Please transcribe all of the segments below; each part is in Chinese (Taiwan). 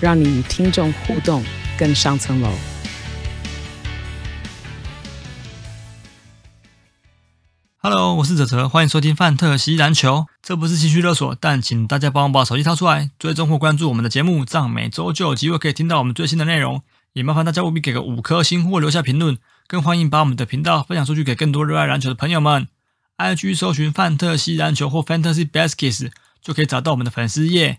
讓你與聽眾互動更上層樓。Hello，我是哲哲，歡迎收聽《范特西籃球》。這不是情緒勒索，但請大家幫我把手機掏出來，追蹤或關注我們的節目，這樣每周就有機會可以聽到我們最新的內容。也麻煩大家務必給個五顆星或留下評論，更歡迎把我們的頻道分享出去給更多熱愛籃球的朋友們。IG 搜尋“范特西籃球”或 “Fantasy Baskets” 就可以找到我們的粉絲頁。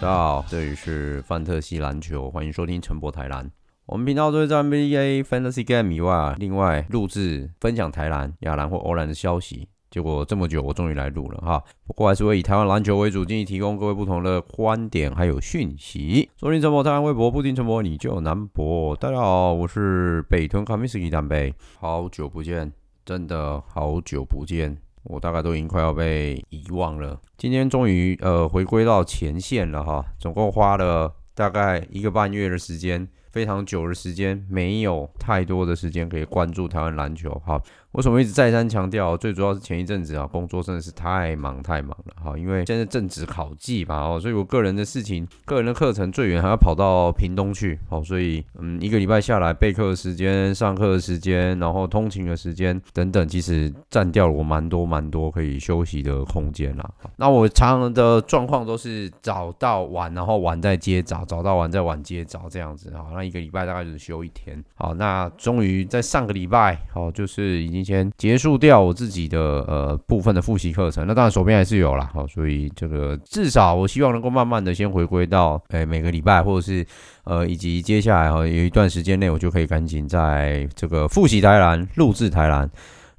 大家好，這裡是范特西籃球，歡迎收聽晨勃台籃。我們頻道除了在 NBA Fantasy Game 以外，另外錄製分享台籃、亞籃或歐籃的消息。結果這麼久，我終於來錄了哈，不過還是會以台灣籃球為主，盡力提供各位不同的觀點還有訊息。收聽晨勃台籃微博，不聽晨勃你就難勃。大家好，我是北屯 Kaminsky 台北，好久不見，真的好久不見。我大概都已經快要被遺忘了。今天終於，呃，回歸到前線了哈，總共花了大概一個半月的時間，非常久的時間，沒有太多的時間可以關注台灣籃球哈。好。我為什麼一直再三強調？最主要是前一陣子啊，工作真的是太忙太忙了哈。因為現在正值考季吧，哦，所以我個人的事情、個人的課程最遠還要跑到屏東去，好，所以嗯，一個禮拜下來，備課的時間、上課的時間，然後通勤的時間等等，其實占掉了我蠻多蠻多可以休息的空間啦。那我常常的狀況都是早到晚，然後晚再接早，早到晚再晚接早這樣子哈。那一個禮拜大概就是休一天。好，那終於在上個禮拜，好，就是已經。提前結束掉我自己的呃部分的複習課程，那當然手邊還是有啦。好，所以這個至少我希望能夠慢慢的先回歸到，哎、欸，每個禮拜或者是呃，以及接下來哈有、呃、一段時間內，我就可以趕緊在這個複習台籃、錄製台籃，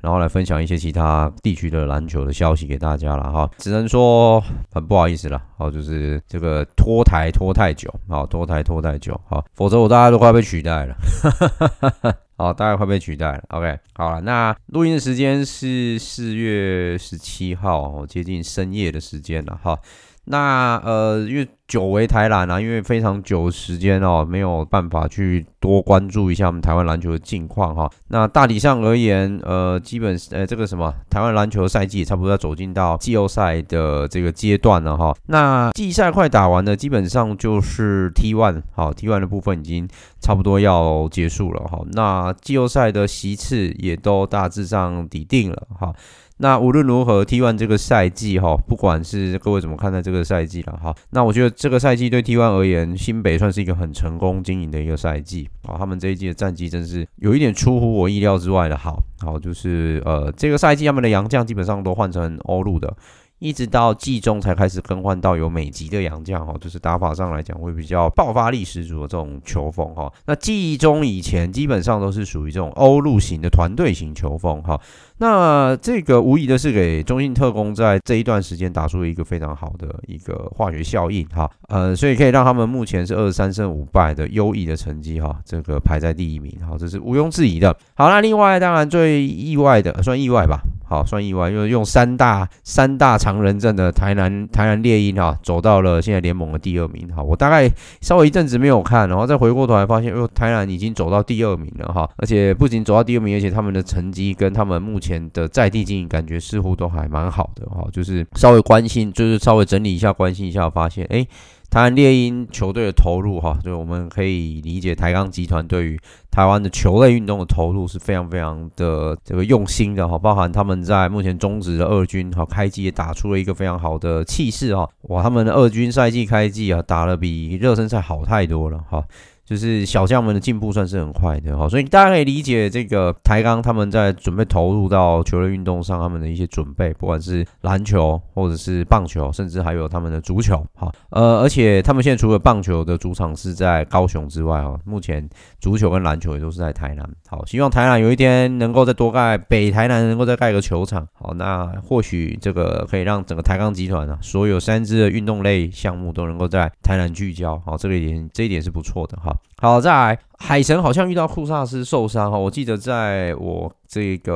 然後來分享一些其他地區的籃球的消息給大家了哈。只能說很不好意思了，好，就是這個拖台拖太久，好，拖台拖太久，好，否則我大家都快被取代了。哈哈哈哈。哦，大概會被取代了。OK，好啦，那錄音的時間是四月十七號，接近深夜的時間了，齁。那呃，因為久違台籃啊，因為非常久時間哦、喔，沒有辦法去多關注一下我們台灣籃球的近況哈、喔。那大體上而言，呃，基本呃、欸，這個什麼台灣籃球賽季差不多要走進到季後賽的這個階段了哈、喔。那季賽快打完了，基本上就是 T1 哈 T1 的部分已經差不多要結束了哈。那季後賽的席次也都大致上底定了哈。那無論如何，T1 這個賽季哈，不管是各位怎麼看待這個賽季了哈，那我覺得這個賽季對 T1 而言，新北算是一個很成功經營的一個賽季啊。他們這一季的戰績真是有一點出乎我意料之外的好，好就是呃，這個賽季他們的洋將基本上都換成歐陸的，一直到季中才開始更換到有美籍的洋將哈，就是打法上來講會比較爆發力十足的這種球風哈。那季中以前基本上都是屬於這種歐陸型的團隊型球風哈。那這個無疑的是給中信特攻在這一段時間打出了一個非常好的一個化學效應哈，呃，所以可以讓他們目前是二十三勝五敗的優異的成績哈，這個排在第一名，好，這是毋庸置疑的。好，那另外當然最意外的算意外吧，好，算意外，因為用三大三大長人陣的台南台南獵鷹哈，走到了現在聯盟的第二名哈，我大概稍微一陣子沒有看，然後再回過頭來發現，喲，台南已經走到第二名了哈，而且不僅走到第二名，而且他們的成績跟他們目前。前的在地經營感覺似乎都還蠻好的哈，就是稍微關心，就是稍微整理一下關心一下，發現誒，台灣獵鷹球隊的投入哈，就我們可以理解台鋼集團對於台灣的球類運動的投入是非常非常的這個用心的哈，包含他們在目前中職的二軍哈開季也打出了一個非常好的氣勢哈，哇，他們的二軍賽季開季啊打了比熱身賽好太多了哈。就是小將們的進步算是很快的哈，所以大家可以理解這個台鋼他們在準備投入到球類運動上，他們的一些準備，不管是籃球或者是棒球，甚至還有他們的足球哈。呃，而且他們現在除了棒球的主場是在高雄之外哈，目前足球跟籃球也都是在台南。好，希望台南有一天能夠再多蓋北台南能夠再蓋一個球場。好，那或許這個可以讓整個台鋼集團啊，所有三支的運動類項目都能夠在台南聚焦。好，這一點這一點是不錯的哈。好，再來，海神好像遇到庫薩斯受傷哈，我記得在我這個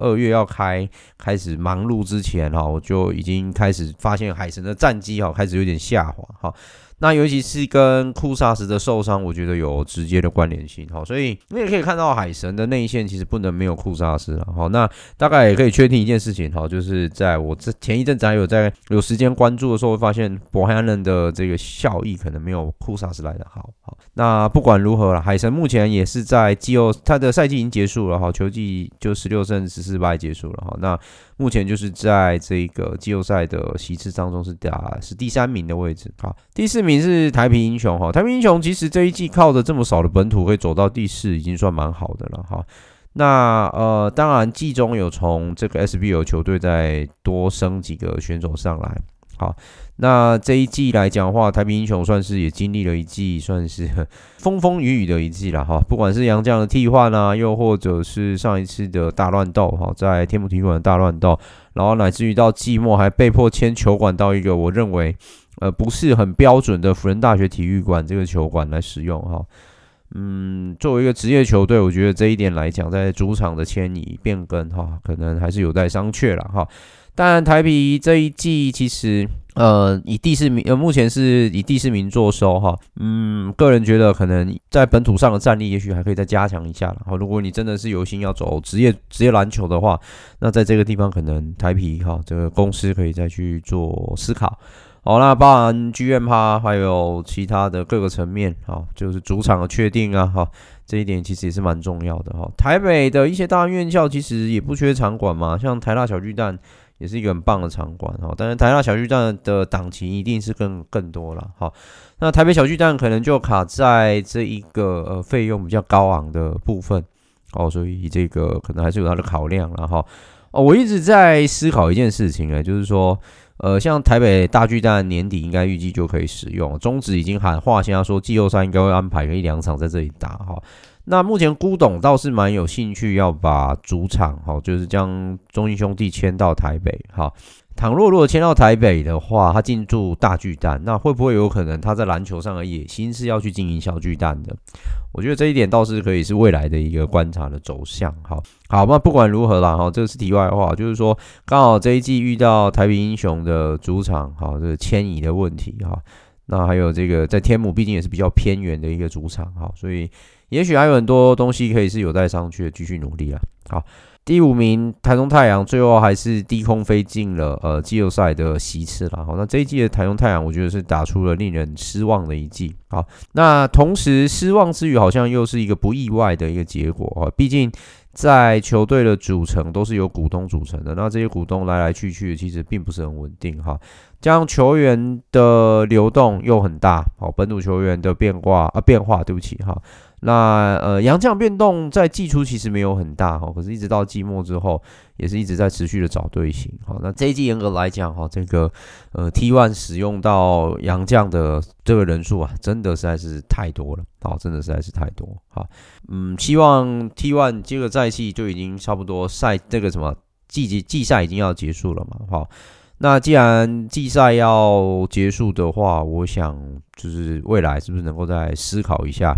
呃二月要開開始忙碌之前哈，我就已經開始發現海神的戰績哈開始有點下滑哈。那尤其是跟庫薩斯的受傷，我覺得有直接的關聯性哈，所以你也可以看到海神的內線其實不能沒有庫薩斯了哈。那大概也可以確定一件事情哈，就是在我這前一陣子還有在有時間關注的時候，會發現博漢人的這個效益可能沒有庫薩斯來的好。好，那不管如何了，海神目前也是在季後，他的賽季已經結束了哈，球季就十六勝十四敗結束了哈。那目前就是在這個季後賽的席次當中是打是第三名的位置，好。第四名是台啤英雄哈。哦，台啤英雄其實這一季靠着這麼少的本土，可以走到第四，已經算蠻好的了哈。那呃，當然季中有從這個 SBL 球隊再多升幾個選手上來。好，那這一季來講的話，台啤英熊算是也經歷了一季，算是風風雨雨的一季了哈。不管是洋將的替換啊，又或者是上一次的大亂鬥哈，在天母體育館的大亂鬥，然後乃至於到季末還被迫遷球館到一個我認為呃不是很標準的輔仁大學體育館這個球館來使用哈。嗯，作為一個職業球隊，我覺得這一點來講，在主場的遷移變更哈，可能還是有待商榷了哈。但台啤這一季其實，呃，以第四名，呃，目前是以第四名做收哈、哦。嗯，個人覺得可能在本土上的戰力，也許還可以再加強一下了。哈、啊，如果你真的是有心要走職業職業籃球的話，那在這個地方可能台啤哈、哦、這個公司可以再去做思考。好，那包含 GM 趴還有其他的各個層面，好、哦，就是主場的確定啊，哈、哦，這一點其實也是蠻重要的哈、哦。台北的一些大院校其實也不缺場館嘛，像台大、小巨蛋，也是一個很棒的場館哈，但是台大小巨蛋的檔期一定是更更多了哈，那台北小巨蛋可能就卡在這一個呃費用比較高昂的部分哦，所以這個可能還是有它的考量了哈。哦，我一直在思考一件事情呢，欸，就是說呃，像台北大巨蛋年底應該預計就可以使用，中職已經喊話，現在說季後賽應該會安排個一兩場在這裡打哈。那目前，辜董倒是蠻有興趣要把主場，哈，就是將中信兄弟遷到台北，哈，倘若如果遷到台北的話，他進駐大巨蛋，那會不會有可能他在籃球上的野心是要去經營小巨蛋的？我覺得這一點倒是可以是未來的一個觀察的走向，哈，好，那不管如何啦，哈，這個是題外的話，就是說剛好這一季遇到台北英雄的主場，哈，這個遷移的問題，哈。那還有這個在天母，畢竟也是比較偏遠的一個主場，哈，所以。也許還有很多東西可以是有待商榷，繼續努力了。好，第五名台中太陽最後還是低空飛進了呃季後賽的席次啦。好，那這一季的台中太陽，我覺得是打出了令人失望的一季。好，那同時失望之餘，好像又是一個不意外的一個結果哈。畢竟在球隊的組成都是由股東組成的，那這些股東來來去去，其實並不是很穩定哈。加上球員的流動又很大，好，本土球員的變化啊，變化，對不起哈。那呃，洋將變動在季初其實沒有很大哈，可是一直到季末之後，也是一直在持續的找隊形。好，那這一季嚴格來講哈，這個呃 T1 使用到洋將的這個人數啊，真的實在是太多了。好，真的實在是太多。好，嗯，希望 T1 這個賽季就已經差不多賽這、那個什麼季季賽已經要結束了嘛。好，那既然季賽要結束的話，我想就是未來是不是能夠再思考一下。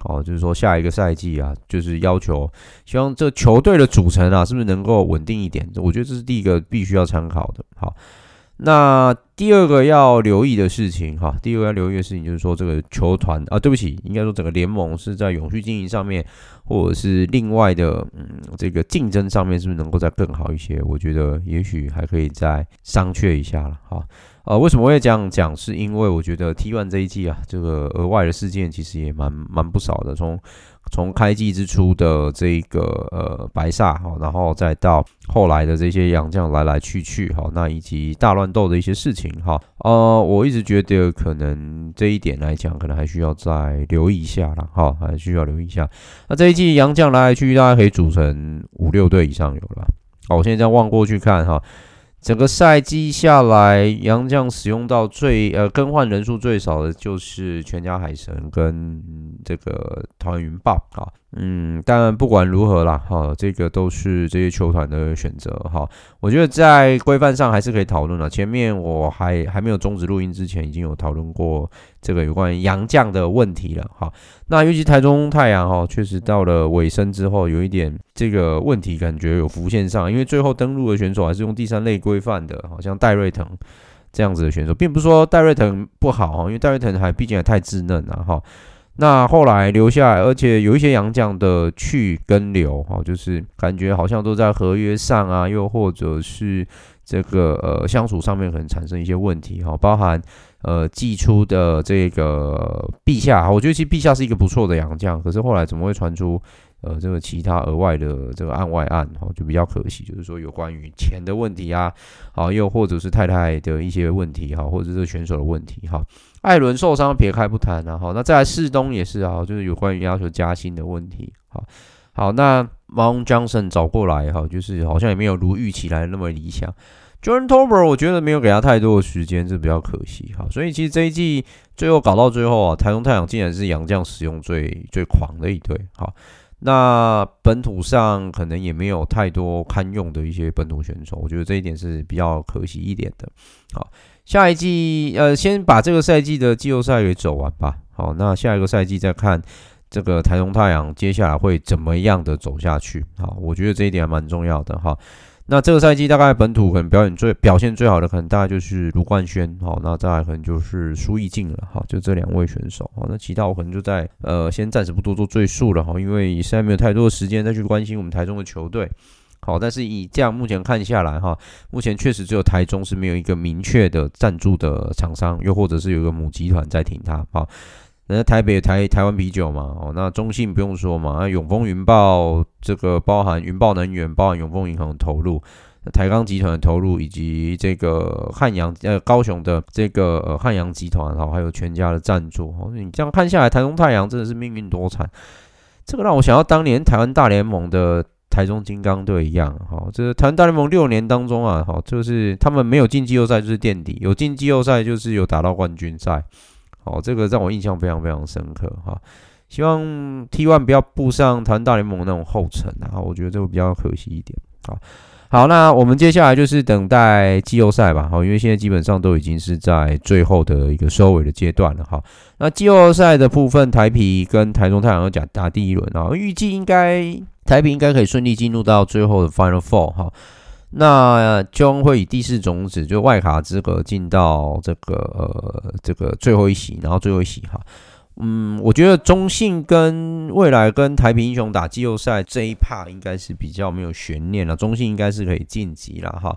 好，就是說下一個賽季啊，就是要求希望這球隊的組成啊，是不是能夠穩定一點？我覺得這是第一個必須要參考的。好。那第二個要留意的事情，哈，第二個要留意的事情就是說，這個球團啊，對不起，應該說整個聯盟是在永續經營上面，或者是另外的，嗯，這個競爭上面是不是能夠再更好一些？我覺得也許還可以再商榷一下了，哈，呃，啊，為什麼我會這樣講？是因為我覺得 T1 這一季啊，這個額外的事件其實也蠻蠻不少的，從從開季之初的這個呃白煞，哈，然後再到後來的這些洋將來來去去，哈，那以及大亂鬥的一些事情，哈，呃，我一直覺得可能這一點來講，可能還需要再留意一下啦哈，還需要留意一下。那這一季洋將來來去，大概可以組成五六隊以上有了，好，我現在這樣望過去看，哈整個賽季下來，洋將使用到最，呃，更換人數最少的就是全家海神跟這個台啤雲豹啊。嗯，當然不管如何啦，哈，這個都是這些球團的選擇，哈，我覺得在規範上還是可以討論的。前面我還還沒有終止錄音之前，已經有討論過這個有關於洋將的問題了，哈。那尤其台中太陽，哈，確實到了尾聲之後，有一點這個問題感覺有浮現上，因為最後登錄的選手還是用第三類規範的，好像戴瑞騰這樣子的選手，並不是說戴瑞騰不好，哈，因為戴瑞騰還畢竟還太稚嫩了，哈。那後來留下來，而且有一些洋將的去跟留哈，就是感覺好像都在合約上啊，又或者是這個呃相處上面可能產生一些問題哈，包含呃寄出的這個陛下，我覺得其實陛下是一個不錯的洋將，可是後來怎麼會傳出呃這個其他額外的這個案外案哈，就比較可惜，就是說有關於錢的問題啊，好，又或者是太太的一些問題哈，或者是選手的問題哈。好艾倫受傷撇開不談，啊，然後那再來四東也是啊，就是有關於要求加薪的問題。好好，那 Mon Johnson 找過來哈，就是好像也沒有如預期來的那麼理想。Jordan Tolbert 我覺得沒有給他太多的時間，是比較可惜。哈，所以其實這一季最後搞到最後啊，台中太陽竟然是洋將使用最最狂的一隊哈，那本土上可能也沒有太多堪用的一些本土選手，我覺得這一點是比較可惜一點的。好。下一季，呃，先把這個賽季的季後賽給走完吧。好，那下一個賽季再看這個台中太陽接下來會怎麼樣的走下去。好，我覺得這一點還蠻重要的哈。那這個賽季大概本土可能表演最表現最好的可能大概就是盧冠軒，好，那再來可能就是蘇奕晉了，好，就這兩位選手。好，那其他我可能就在呃，先暫時不多做贅述了哈，因為實在沒有太多的時間再去關心我們台中的球隊。好，但是以這樣目前看下來，哈，目前確實只有台中是沒有一個明確的贊助的廠商，又或者是有一個母集團在挺它。好，那台北台台灣啤酒嘛，哦，那中信不用說嘛，那永豐雲豹這個包含雲豹能源，包含永豐銀行的投入，台鋼集團的投入，以及這個漢陽呃高雄的這個漢陽集團，好，還有全家的贊助。你這樣看下來，台中太陽真的是命運多舛，這個讓我想到當年台灣大聯盟的。台中金剛隊一樣，哈，這個、台灣大聯盟六年當中啊，哈，就是他們沒有進季後賽就是墊底，有進季後賽就是有打到冠軍賽，好，這個讓我印象非常非常深刻，哈。希望 T1 不要步上台灣大聯盟那種後塵啊，我覺得這個比較可惜一點，好。好，那我們接下來就是等待季後賽吧，哈，因為現在基本上都已經是在最後的一個收尾的階段了，哈。那季後賽的部分，台啤跟台中太陽要打打第一輪啊，預計應該。台啤應該可以順利進入到最後的 final four 哈，那將會以第四種子就外卡資格進到這個呃這個最後一席，然後最後一席哈，嗯，我覺得中信跟未來跟台啤英雄打季後賽這一趴應該是比較沒有懸念了，中信應該是可以晉級了哈。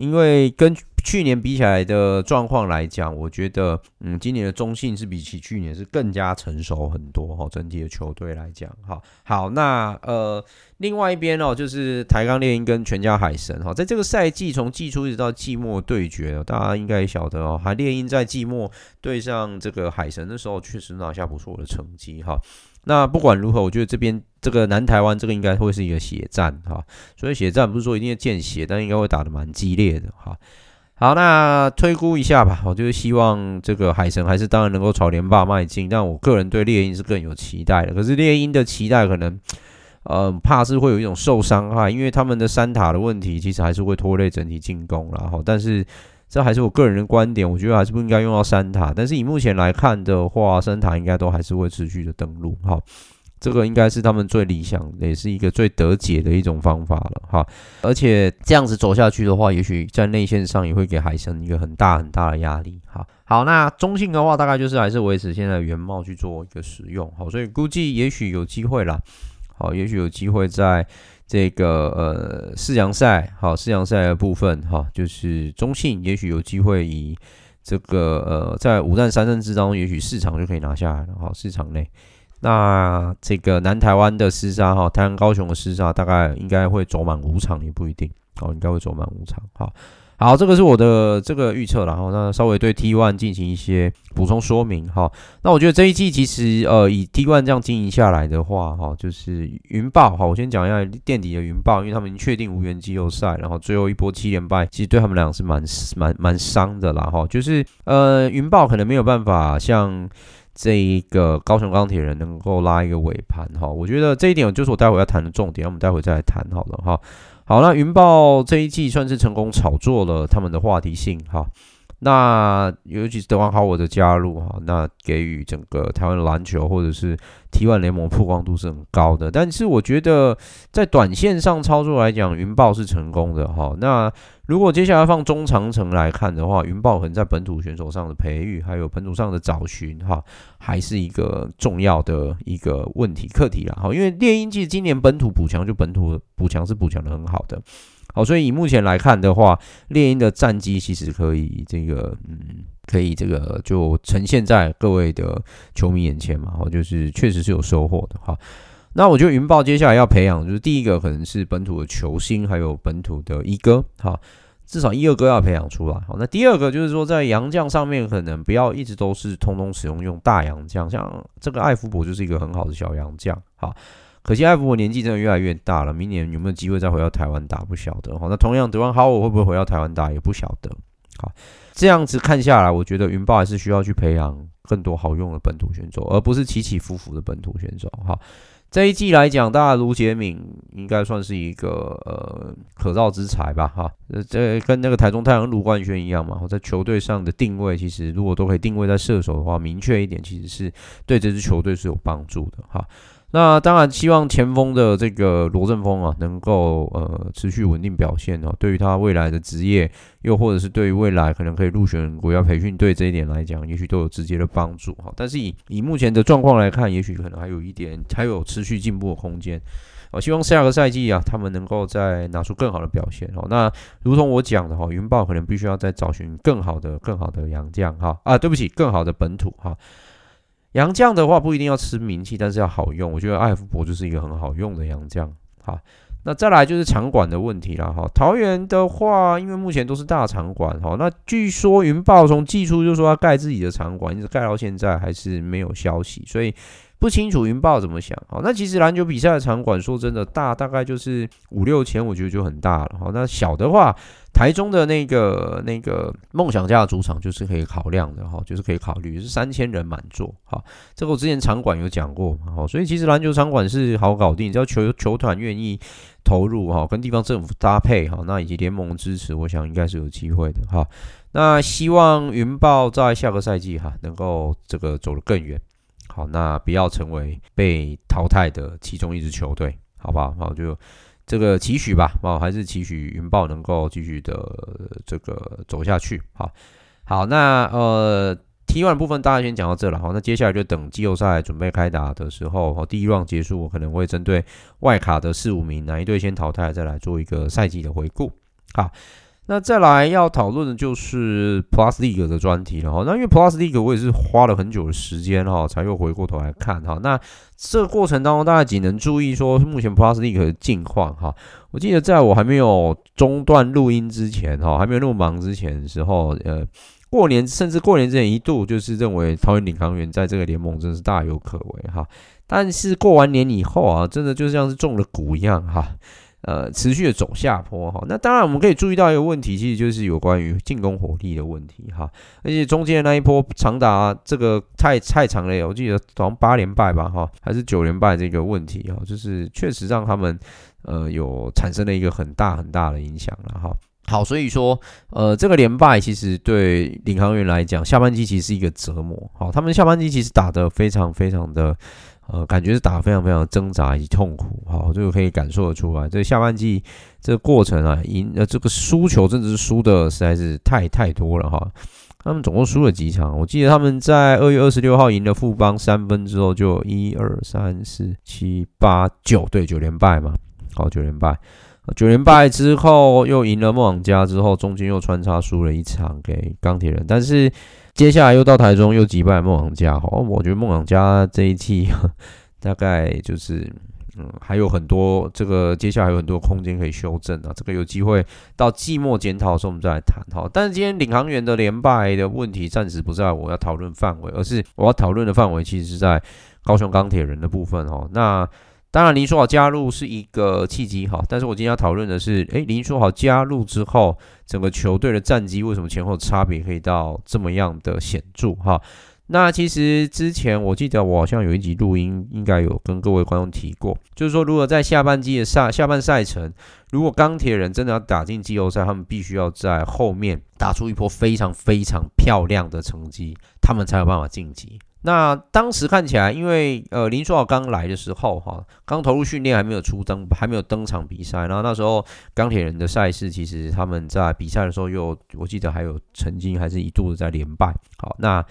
因為跟去年比起來的狀況來講，我覺得，嗯，今年的中信是比起去年是更加成熟很多哈、哦。整體的球隊來講，哈、哦，好，那呃，另外一邊哦，就是台鋼獵鷹跟全家海神哈、哦，在這個賽季從季初一直到季末對決，大家應該也曉得哦，海獵鷹在季末對上這個海神的時候，確實拿下不錯的成績哈。哦那不管如何，我覺得這邊這個南台灣這個應該會是一個血戰哈，所以血戰不是說一定要見血，但應該會打得蠻激烈的哈。好，那推估一下吧，我就是希望這個海神還是當然能夠朝連霸邁進，但我個人對獵鷹是更有期待的。可是獵鷹的期待可能，呃，怕是會有一種受傷害，因為他們的三塔的問題其實還是會拖累整體進攻啦，然後但是。這還是我個人的觀點，我覺得還是不應該用到三塔，但是以目前來看的話，三塔應該都還是會持續的登陸，好，這個應該是他們最理想，也是一個最得解的一種方法了，哈，而且這樣子走下去的話，也許在內線上也會給海神一個很大很大的壓力，好，好，那中信的話，大概就是還是維持現在的原貌去做一個使用，好，所以估計也許有機會啦。好，也許有機會在。這個呃四強賽，好四強賽的部分，哈，就是中信也許有機會以這個呃在五戰三勝之中，也許四場，就可以拿下來了，好四場內。那這個南台灣的廝殺，哈，台灣高雄的廝殺，大概應該會走滿五場也不一定，哦，應該會走滿五場，好。好，這個是我的這個預測啦，哦，然後那稍微對 T1 進行一些補充說明哈、哦。那我覺得這一季其實呃，以 T1 這樣經營下來的話哈、哦，就是雲豹哈、哦，我先講一下墊底的雲豹，因為他們已經確定無緣季後賽，然後最後一波七連敗，其實對他們倆是蠻蠻蠻，蠻傷的啦哈、哦。就是呃，雲豹可能沒有辦法像這一個高雄鋼鐵人能夠拉一個尾盤哈、哦。我覺得這一點就是我待會要談的重點，我們待會再來談好了哈。哦好了，雲豹這一季算是成功炒作了他們的話題性，好。那尤其是德懷特霍華德的加入哈，那給予整個台灣籃球或者是 T1 聯盟曝光度是很高的。但是我覺得在短線上操作來講，雲豹是成功的哈。那如果接下來放中長程來看的話，雲豹可能在本土選手上的培育，還有本土上的找尋哈，還是一個重要的一個問題課題了哈。因為獵鷹其實今年本土補強，就本土補強是補強的很好的。好，所以以目前來看的話，獵鷹的戰績其實可以這個，嗯，可以這個就呈現在各位的球迷眼前嘛。好，就是確實是有收穫的哈。那我覺得雲豹接下來要培養，就是第一個可能是本土的球星，還有本土的一哥，哈，至少一、二哥要培養出來。好，那第二個就是說，在洋將上面，可能不要一直都是通通使用用大洋將，像這個艾福伯就是一個很好的小洋將，好。可惜艾福，我年紀真的越來越大了，明年有沒有機會再回到台灣打不曉得。好，那同樣德文豪我會不會回到台灣打也不曉得。好，這樣子看下來，我覺得雲豹還是需要去培養更多好用的本土選手，而不是起起伏伏的本土選手。哈，這一季來講，大家盧杰敏應該算是一個呃可造之才吧。哈，這跟那個台中太陽盧冠軒一樣嘛。我在球隊上的定位，其實如果都可以定位在射手的話，明確一點，其實是對這支球隊是有幫助的。哈。那當然，希望前鋒的這個羅振峰啊，能夠呃持續穩定表現哦。對於他未來的職業，又或者是對於未來可能可以入選國家培訓隊這一點來講，也許都有直接的幫助哈。但是以以目前的狀況來看，也許可能還有一點還有持續進步的空間，我希望下個賽季啊，他們能夠再拿出更好的表現哈，那如同我講的哈、哦，雲豹可能必須要再找尋更好的、更好的洋將哈啊，對不起，更好的本土哈。洋將的話不一定要吃名氣，但是要好用。我覺得艾福伯就是一個很好用的洋將。好，那再來就是場館的問題了哈。桃園的話，因為目前都是大場館哈。那據說雲豹從季初就說要蓋自己的場館，一直蓋到現在還是沒有消息，所以。不清楚雲豹怎麼想。好，那其實籃球比賽的場館，說真的大，大大概就是五六千，我覺得就很大了。好，那小的話，台中的那個那個夢想家的主場就是可以考量的。哈，就是可以考慮，就是三千人滿座。好，這個我之前場館有講過。哈，所以其實籃球場館是好搞定，只要球球團願意投入，哈，跟地方政府搭配，哈，那以及聯盟支持，我想應該是有機會的。哈，那希望雲豹在下個賽季，哈，能夠這個走得更遠。好，那不要成為被淘汰的其中一支球隊，好不好？好，就這個期許吧，那、哦、還是期許雲豹能夠繼續的這個走下去。好，好，那呃，T1 的部分大家先講到這了，好，那接下來就等季後賽準備開打的時候，哦，第一 round 結束，我可能會針對外卡的四五名哪一隊先淘汰，再來做一個賽季的回顧，好。那再來要討論的就是 Plus League 的專題了哈。那因為 Plus League 我也是花了很久的時間哈，才又回過頭來看哈。那這個過程當中，大家僅能注意說目前 Plus League 的近況哈。我記得在我還沒有中斷錄音之前哈，還沒有那麼忙之前的時候，呃，過年甚至過年之前一度就是認為桃園領航員在這個聯盟真的是大有可為哈。但是過完年以後啊，真的就像是中了蠱一樣哈。呃，持續的走下坡哈，那當然我們可以注意到一個問題，其實就是有關於進攻火力的問題哈，而且中間的那一波長達這個太太長了，我記得好像八連敗吧哈，還是九連敗這個問題哈，就是確實讓他們呃有產生了一個很大很大的影響了哈。好，所以說呃這個連敗其實對領航員來講，下半季其實是一個折磨哈，他們下半季其實打得非常非常的。呃，感覺是打得非常非常掙扎以及痛苦，好，這個可以感受得出來。這下半季這個過程啊，贏呃這個輸球，真的是輸的實在是太太多了哈。他們總共輸了幾場？我記得他們在二月二十六號贏了富邦三分之後就 1, 2, 3, 4, 7, 8, 9,，就一二三四七八九對九連敗嘛。好，九連敗，九連敗之後又贏了夢想家，之後中間又穿插輸了一場給鋼鐵人，但是。接下來又到台中，又擊敗夢想家，哈，我覺得夢想家這一季大概就是，嗯，還有很多這個接下來有很多空間可以修正啊，這個有機會到季末檢討的時候我們再來談，哈。但是今天領航員的連敗的問題暫時不在我要討論範圍，而是我要討論的範圍其實是在高雄鋼鐵人的部分，哈，那。當然，林書豪加入是一個契機哈，但是我今天要討論的是，誒、欸、林書豪加入之後，整個球隊的戰績為什麼前後差別可以到這麼樣的顯著哈？那其實之前我記得我好像有一集錄音應該有跟各位觀眾提過，就是說如果在下半季的賽下半賽程，如果鋼鐵人真的要打進季後賽，他們必須要在後面打出一波非常非常漂亮的成績，他們才有辦法晉級。那當時看起來，因為呃，林書豪剛來的時候，哈，剛投入訓練，還沒有出登，還沒有登場比賽。然後那時候鋼鐵人的賽事，其實他們在比賽的時候，又我記得還有曾經還是一度的在連敗。好，那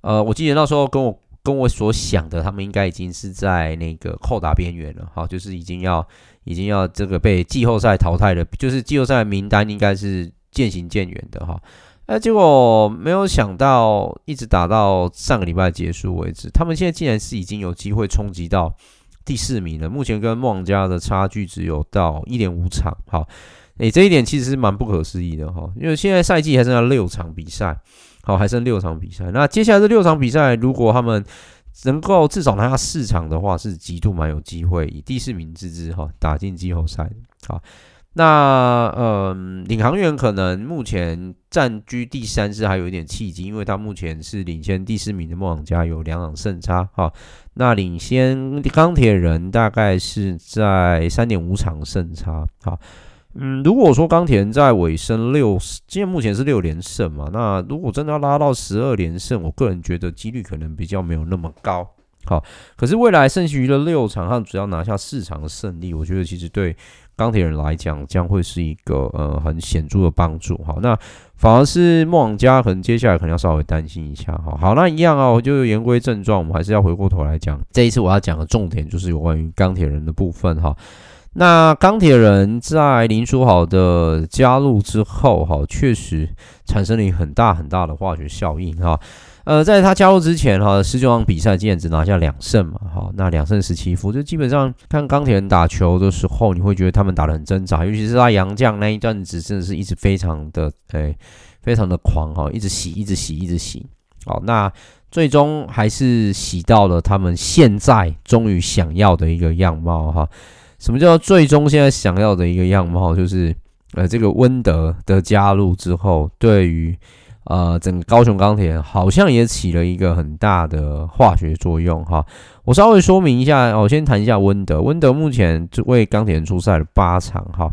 呃，我記得那時候跟我跟我所想的，他們應該已經是在那個扣打邊緣了，哈，就是已經要，已經要這個被季後賽淘汰的，就是季後賽名單應該是漸行漸遠的，哈。那結果沒有想到，一直打到上個禮拜結束為止，他們現在竟然是已經有機會衝擊到第四名了。目前跟夢家的差距只有到一點五場，好，欸，這一點其實是蠻不可思議的哈。因為現在賽季還剩下六場比賽，好，還剩六場比賽。那接下來這六場比賽，如果他們能夠至少拿下四場的話，是極度蠻有機會以第四名之姿哈打進季後賽，好。那呃，領航員可能目前暫居第三，是還有一點契機，因為他目前是領先第四名的夢想家有兩場勝差，好。那領先鋼鐵人大概是在三點五場勝差，好。嗯，如果說鋼鐵人在尾聲六，現在目前是六連勝嘛，那如果真的要拉到十二連勝，我個人覺得幾率可能比較沒有那麼高。好，可是未來剩餘的六場，他們只要拿下四場勝利，我覺得其實對。鋼鐵人來講將會是一個呃很顯著的幫助哈，那反而是夢想家可能接下來可能要稍微擔心一下哈。好，那一樣啊、哦，我就言歸正傳，我們還是要回過頭來講，這一次我要講的重點就是有關於鋼鐵人的部分哈。那鋼鐵人在林書豪的加入之後哈，確實產生了很大很大的化學效應哈。呃，在他加入之前哈，十九場比賽竟然只拿下兩勝嘛，好，那兩勝十七負，就基本上看鋼鐵人打球的時候，你會覺得他們打得很掙扎，尤其是他洋將那一段子，真的是一直非常的哎、欸，非常的狂哈，一直洗，一直洗，一直洗，好，那最終還是洗到了他們現在終於想要的一個樣貌哈。什麼叫最終現在想要的一個樣貌？就是呃，這個溫德的加入之後，對於。呃，整個高雄鋼鐵好像也起了一個很大的化學作用哈。我稍微說明一下，我，哦，先談一下溫德。溫德目前就為鋼鐵人出賽了八場哈，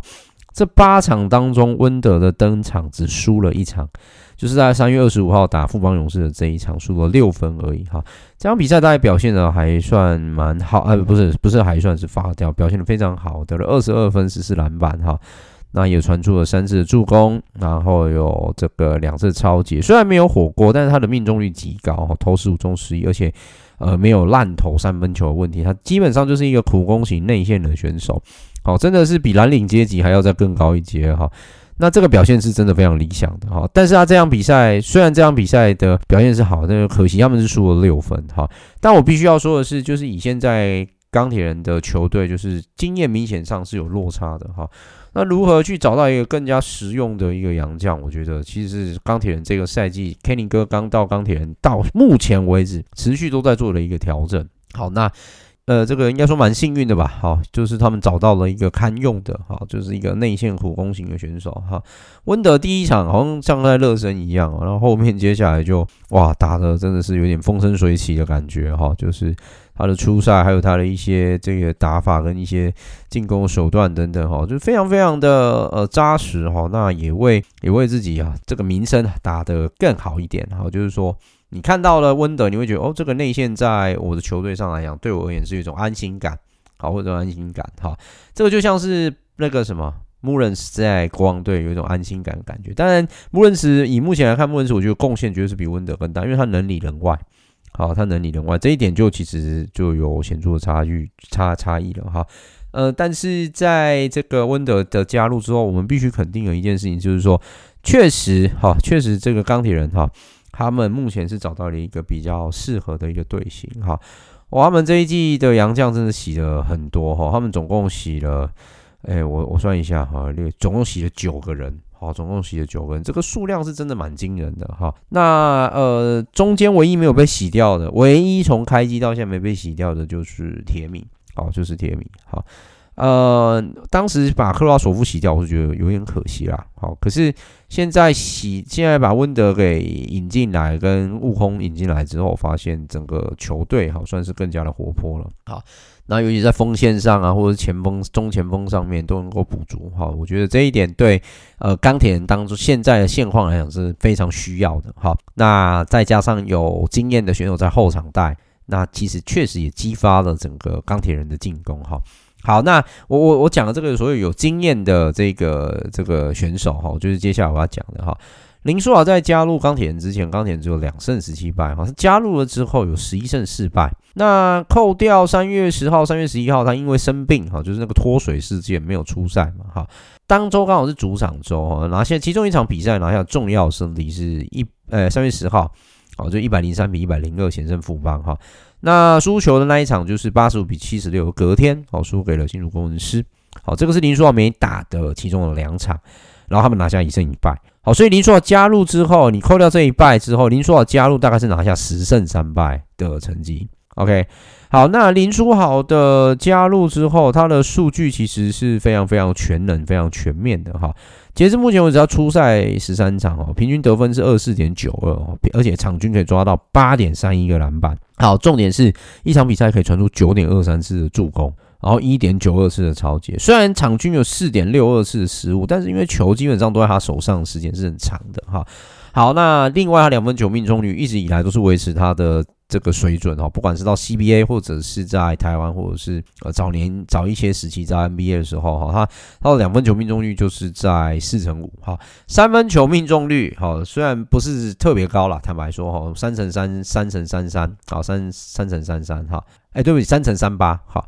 這八場當中，溫德的登場只輸了一場，就是在三月二十五號打富邦勇士的這一場，輸了六分而已哈。這場比賽，大概表現的還算蠻好，呃，不是，不是還算是發掉，表現的非常好，得了二十二分，十四籃板哈。那也傳出了三次的助攻，然後有這個兩次抄截，雖然沒有火鍋，但是他的命中率極高，投十五中十一，而且呃沒有爛投三分球的問題，他基本上就是一個苦攻型內線的選手，好，真的是比藍領階級還要再更高一階哈。那這個表現是真的非常理想的哈。但是他這場比賽雖然這場比賽的表現是好，但是可惜他們是輸了六分哈。但我必須要說的是，就是以現在鋼鐵人的球隊，就是經驗明顯上是有落差的哈。那如何去找到一個更加實用的一個洋將？我覺得其實鋼鐵人這個賽季，Kenny 哥剛到鋼鐵人，到目前為止持續都在做的一個調整。好，那呃，這個應該說蠻幸運的吧？好，就是他們找到了一個堪用的，好，就是一個內線苦攻型的選手哈。溫德第一場好像像在熱身一樣，然後後面接下來就哇打得真的是有點風生水起的感覺哈，就是。他的出賽，還有他的一些這個打法跟一些進攻手段等等哈，就非常非常的呃扎實哈。那也為也為自己啊這個名聲打得更好一點哈。就是說你看到了溫德，你會覺得哦，這個內線在我的球隊上來講，對我而言是有一種安心感，好或者安心感哈。這個就像是那個什麼穆倫斯在國王隊有一種安心感的感覺。當然穆倫斯以目前來看，穆倫斯我覺得貢獻絕對是比溫德更大，因為他能裡能外。好，他能裡能外，這一點就其實就有顯著的差距差差異了哈。呃，但是在這個溫德的加入之後，我們必須肯定有一件事情，就是說，確實哈，確實這個鋼鐵人哈，他們目前是找到了一個比較適合的一個隊形哈。哇、哦，他們這一季的洋將真的洗了很多哈、哦，他們總共洗了，哎，我我算一下哈，總共洗了九個人。好，總共洗了九個人，這個數量是真的蠻驚人的哈。那呃，中間唯一沒有被洗掉的，唯一從開機到現在沒被洗掉的就是鐵米，好，就是鐵米。好，呃，當時把克羅索夫洗掉，我是覺得有點可惜啦。好，可是現在洗，現在把溫德給引進來，跟悟空引進來之後，發現整個球隊，好，算是更加的活潑了。好。那尤其在鋒線上啊，或者前鋒、中前鋒上面都能夠補足哈，我覺得這一點對呃鋼鐵人當中現在的現況來講是非常需要的哈。那再加上有經驗的選手在後場帶，那其實確實也激發了整個鋼鐵人的進攻哈。好，那我我我講的這個所有有經驗的這個這個選手哈，就是接下來我要講的哈。林書豪在加入鋼鐵人之前，鋼鐵人只有兩勝十七敗哈。他加入了之後有十一勝四敗。那扣掉三月十號、三月十一號，他因為生病哈，就是那個脫水事件沒有出賽嘛哈。當週剛好是主場週哈，拿下其中一場比賽拿下重要的勝利是一呃三月十號，好，就一百零三比一百零二險勝富邦哈。那輸球的那一場就是八十五比七十六，隔天好，輸給了新竹工程師，好，這個是林書豪沒打的其中的兩場，然後他們拿下一勝一敗。好，所以林書豪加入之後，你扣掉這一敗之後，林書豪加入大概是拿下十勝三敗的成績。OK，好，那林書豪的加入之後，他的數據其實是非常非常全能、非常全面的哈。截至目前為止，他初賽十三場哦，平均得分是二四點九二，而且場均可以抓到八點三一個籃板。好，重點是一場比賽可以傳出九點二三次的助攻。然後一點九二次的抄截，雖然場均有四點六二次的失誤，但是因為球基本上都在他手上，時間是很長的哈。好，好，那另外他兩分球命中率一直以來都是維持他的這個水準哈，不管是到 CBA 或者是在台灣或者是呃早年早一些時期在 NBA 的時候哈，他他的兩分球命中率就是在四成五哈，三分球命中率哈雖然不是特別高啦，坦白說哈，三成三三成三三好三三成三三哈，哎，欸、對不起，三成三八好。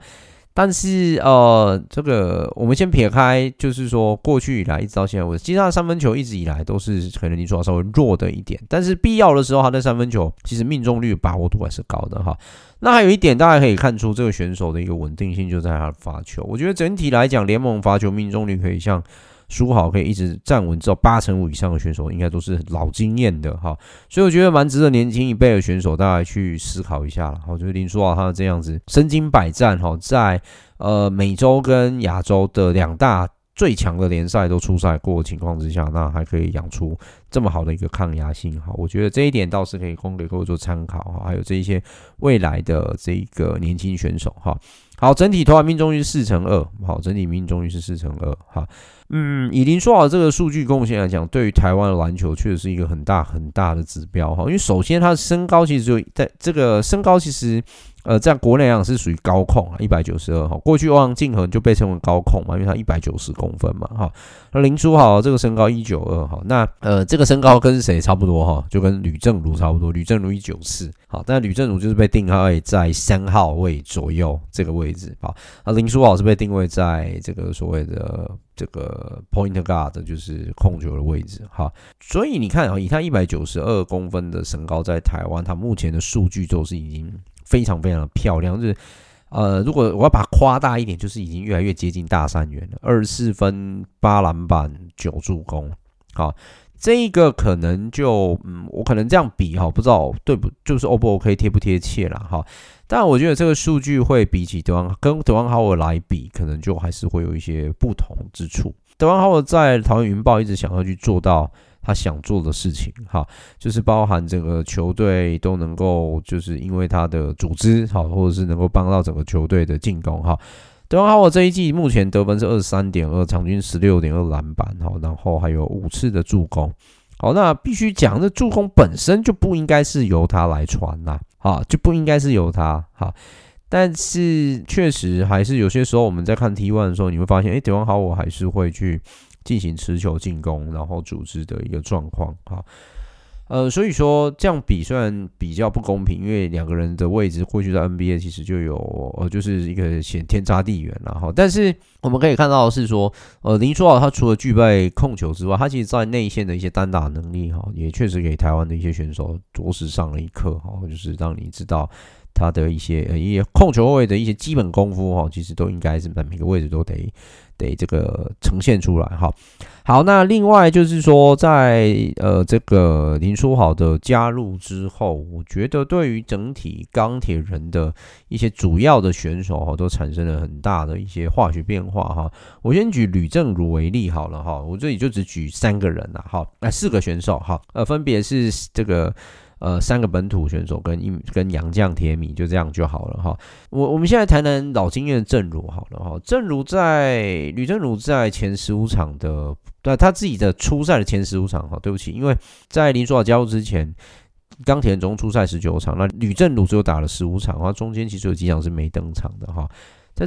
但是呃，這個我們先撇開，就是說過去以來一直到現在，我其實他的三分球一直以來都是可能你抓稍微弱的一點，但是必要的時候他的三分球其實命中率的把握度還是高的哈。那還有一點，大家可以看出這個選手的一個穩定性就在他的罰球。我覺得整體來講，聯盟罰球命中率可以像。書豪可以一直站穩，之後八成五以上的選手應該都是老經驗的哈，所以我覺得蠻值得年輕一輩的選手大家來去思考一下了哈。我覺得林書豪他這樣子身經百戰哈，在呃美洲跟亞洲的兩大最強的聯賽都出賽過的情況之下，那還可以養出這麼好的一個抗壓性哈。我覺得這一點倒是可以供給各位做參考哈。還有這一些未來的這個年輕選手哈。好，整體投籃命中率四成二。好，整體命中率是四成二。哈，嗯，以林說好了這個數據貢獻來講，對於台灣的籃球確實是一個很大很大的指標。哈，因為首先他的身高其實就在這個身高其實。呃，在國內啊是屬於高控啊，一百九十二哈。過去歐陽進恆就被稱為高控嘛，因為他一百九十公分嘛哈。那林書豪這個身高一九二哈，那呃這個身高跟誰差不多哈？就跟呂正儒差不多，呂正儒一九四好，但呂正儒就是被定位在三號位左右這個位置啊。那林書豪是被定位在這個所謂的這個 point guard，就是控球的位置哈。所以你看啊，以他一百九十二公分的身高，在台灣他目前的數據就是已經。非常非常的漂亮，就是，呃，如果我要把它誇大一點，就是已經越來越接近大三元了，二十四分、八籃板、九助攻，好，這一個可能就，嗯，我可能這樣比哈，不知道對不，就是 O 不 OK 貼不貼切了哈，但我覺得這個數據會比起德王跟德王豪爾來比，可能就還是會有一些不同之處。德王豪爾在桃園雲豹一直想要去做到。他想做的事情，哈，就是包含整個球隊都能夠，就是因為他的組織，好，或者是能夠幫到整個球隊的進攻，哈。德王豪，我這一季目前得分是二十三點二，場均十六點二籃板，哈，然後還有五次的助攻，好，那必須講，這助攻本身就不應該是由他來傳吶，啊，哈，就不應該是由他，哈，但是確實還是有些時候我們在看 T1 的時候，你會發現，誒，德王豪，我還是會去。進行持球進攻，然後組織的一個狀況啊，呃，所以說這樣比雖然比較不公平，因為兩個人的位置過去在 NBA 其實就有，呃，就是一個顯天差地遠。然後但是我們可以看到的是說，呃，林書豪他除了具備控球之外，他其實，在內線的一些單打能力哈，也確實給台灣的一些選手着實上了一課哈，就是讓你知道。他的一些呃一些控球位的一些基本功夫哈，其實都應該是在每個位置都得得這個呈現出來哈。好，那另外就是說在，在呃這個林書豪的加入之後，我覺得對於整體鋼鐵人的一些主要的選手哈，都產生了很大的一些化學變化哈。我先舉呂正如為例好了哈，我這裡就只舉三個人了。哈，那，呃，四個選手哈，呃分別是這個。呃，三個本土選手跟一跟楊敬敏就這樣就好了哈。我我們現在談談老經驗的政儒好了哈。政儒在呂政儒在前十五場的，對他自己的出賽的前十五場哈。對不起，因為在林書豪加入之前，鋼鐵總共出賽十九場，那呂政儒只有打了十五場，然後中間其實有幾場是沒登場的哈。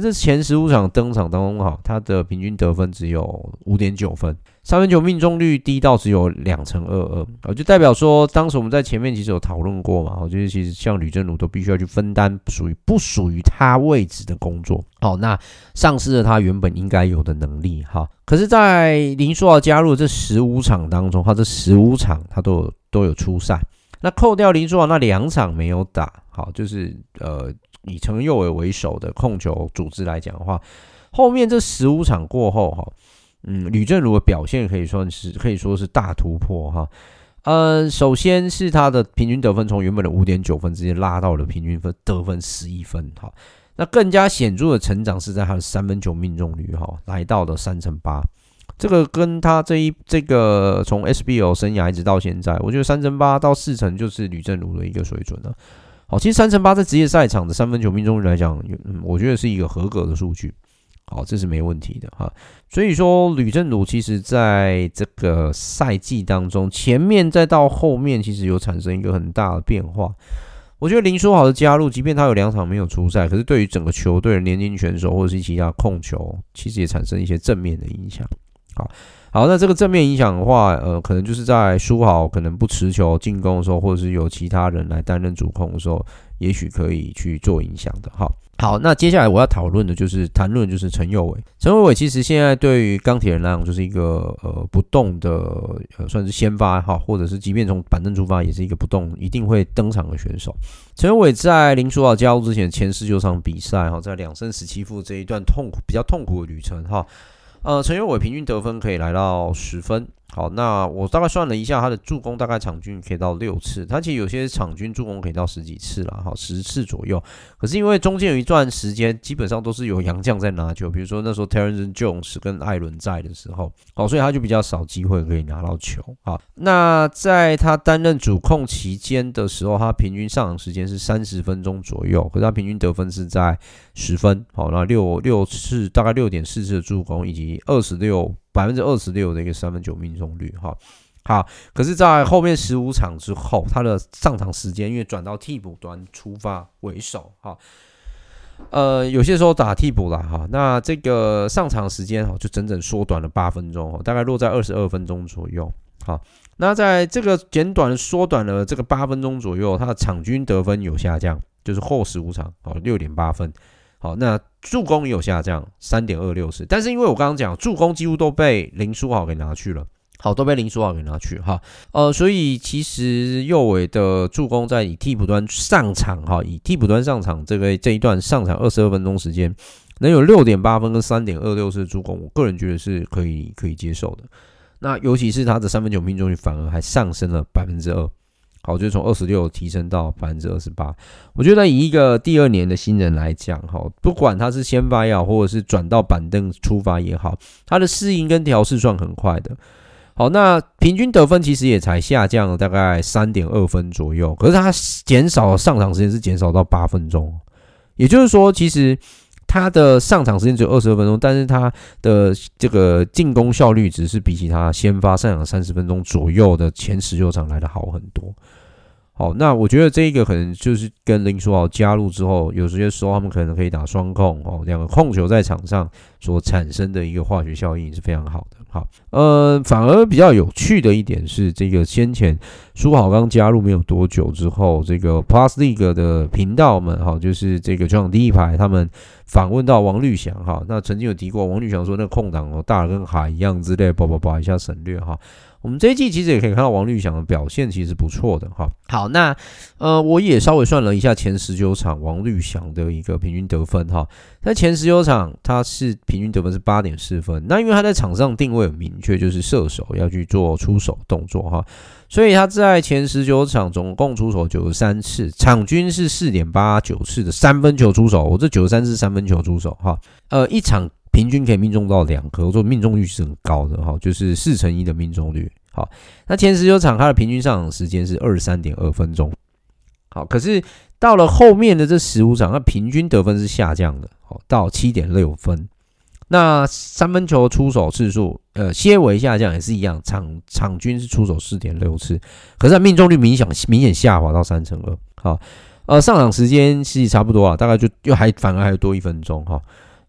在這前十五場登場當中，哈，他的平均得分只有五點九分，三分球命中率低到只有兩成二二，啊，就代表說，當時我們在前面其實有討論過嘛，我覺得其實像呂政儒都必須要去分擔屬於不屬於他位置的工作，好，那喪失了他原本應該有的能力，哈。可是，在林書豪加入這十五場當中，他這十五場他都有都有出賽，那扣掉林書豪那兩場沒有打，好，就是呃。以陳又瑋為首的控球組織來講的話，後面這十五場過後哈，嗯，呂政儒的表現可以算是可以說是大突破哈。呃，首先是他的平均得分從原本的五點九分直接拉到了平均分得分十一分哈。那更加顯著的成長是在他的三分球命中率哈，來到了三成八。這個跟他這一這個從 SBL 生涯一直到現在，我覺得三成八到四成就是呂政儒的一個水準了。好，其實三成八在職業賽場的三分球命中率來講，嗯，我覺得是一個合格的數據。好，這是沒問題的哈。所以說，呂政儒其實在這個賽季當中，前面再到後面，其實有產生一個很大的變化。我覺得林書豪的加入，即便他有兩場沒有出賽，可是對於整個球隊的年輕選手或者是其他控球，其實也產生一些正面的影響。好。好，那這個正面影響的話，呃，可能就是在書豪可能不持球進攻的時候，或者是有其他人來擔任主控的時候，也許可以去做影響的。哈，好，那接下來我要討論的就是談論就是陳宥偉。陳宥偉其實現在對於鋼鐵人來講就是一個呃不動的，呃，算是先發哈，或者是即便從板凳出發也是一個不動，一定會登場的選手。陳宥偉在林書豪加入之前，前十九場比賽哈，在兩勝十七負這一段痛苦比較痛苦的旅程哈。呃，陳友偉平均得分可以來到十分。好，那我大概算了一下，他的助攻大概場均可以到六次，他其實有些場均助攻可以到十幾次啦，好，十次左右。可是因為中間有一段時間，基本上都是有洋將在拿球，比如說那時候 Terrence Jones 跟艾倫在的時候，好，所以他就比較少機會可以拿到球。好，那在他擔任主控期間的時候，他平均上場時間是三十分鐘左右，可是他平均得分是在十分。好，那六六次大概六點四次的助攻，以及二十六。百分之二十六的一個，三分球命中率，哈，好，好，可是在後面十五場之後，他的上場時間因為轉到替補端出發為首，哈，呃，有些時候打替補了，哈，那這個上場時間哦，就整整縮短了八分鐘，哦，大概落在二十二分鐘左右，好，那在這個簡短縮短了這個八分鐘左右，他的場均得分有下降，就是後十五場，哦，六點八分。好，那助攻也有下降，三點二六次，但是因為我剛剛講，助攻幾乎都被林書豪給拿去了，好，都被林書豪給拿去哈，呃，所以其實右尾的助攻在以替補端上場哈，以替補端上場這個這一段上場二十二分鐘時間，能有六點八分跟三點二六次助攻，我個人覺得是可以可以接受的，那尤其是他的三分球命中率反而還上升了百分之二。好，就從二十六提升到百分之二十八。我覺得以一個第二年的新人來講，哈，不管他是先發呀或者是轉到板凳出發也好，他的適應跟調適算很快的。好，那平均得分其實也才下降了大概三點二分左右，可是他減少的上場時間是減少到八分鐘，也就是說，其實。他的上場時間只有二十二分鐘，但是他的這個進攻效率，只是比起他先發上場三十分鐘左右的前十六場來得好很多。好，那我覺得這一個可能就是跟林書豪加入之後，有時間時候他們可能可以打雙控哦，兩個控球在場上所產生的一個化學效應是非常好的。好，呃、嗯，反而比較有趣的一點是，這個先前書豪剛加入沒有多久之後，這個 Plus League 的頻道們哈、哦，就是這個全場第一排，他們訪問到王律祥哈、哦，那曾經有提過王律祥說那個空檔哦大的跟海一樣之類，叭叭叭一下省略哈。哦我們這一季其實也可以看到王律翔的表現其實不錯的哈。好，好，那呃，我也稍微算了一下前十九場王律翔的一個平均得分哈。在前十九場，他是平均得分是八點四分。那因為他在場上定位很明確，就是射手要去做出手動作哈，所以他在前十九場總共出手九十三次，場均是四點八九次的三分球出手。我這九十三次三分球出手哈，呃，一場。平均可以命中到兩顆，所以命中率是很高的哈，就是四成一的命中率。好，那前十九場它的平均上場時間是二十三點二分鐘，好，可是到了後面的這十五場，它平均得分是下降的，好，到七點六分。那三分球出手次數，呃，些微下降也是一樣，場場均是出手四點六次，可是它命中率明顯明顯下滑到三成二。好，呃，上場時間其實差不多啊，大概就又還反而還有多一分鐘哈。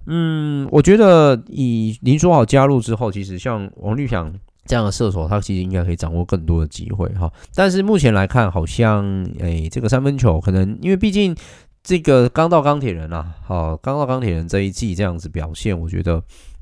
嗯，我覺得以林書豪加入之後，其實像王律想這樣的射手，他其實應該可以掌握更多的機會哈。但是目前來看，好像哎，這個三分球可能因為畢竟這個剛到鋼鐵人啊，哦，剛到鋼鐵人這一季這樣子表現，我覺得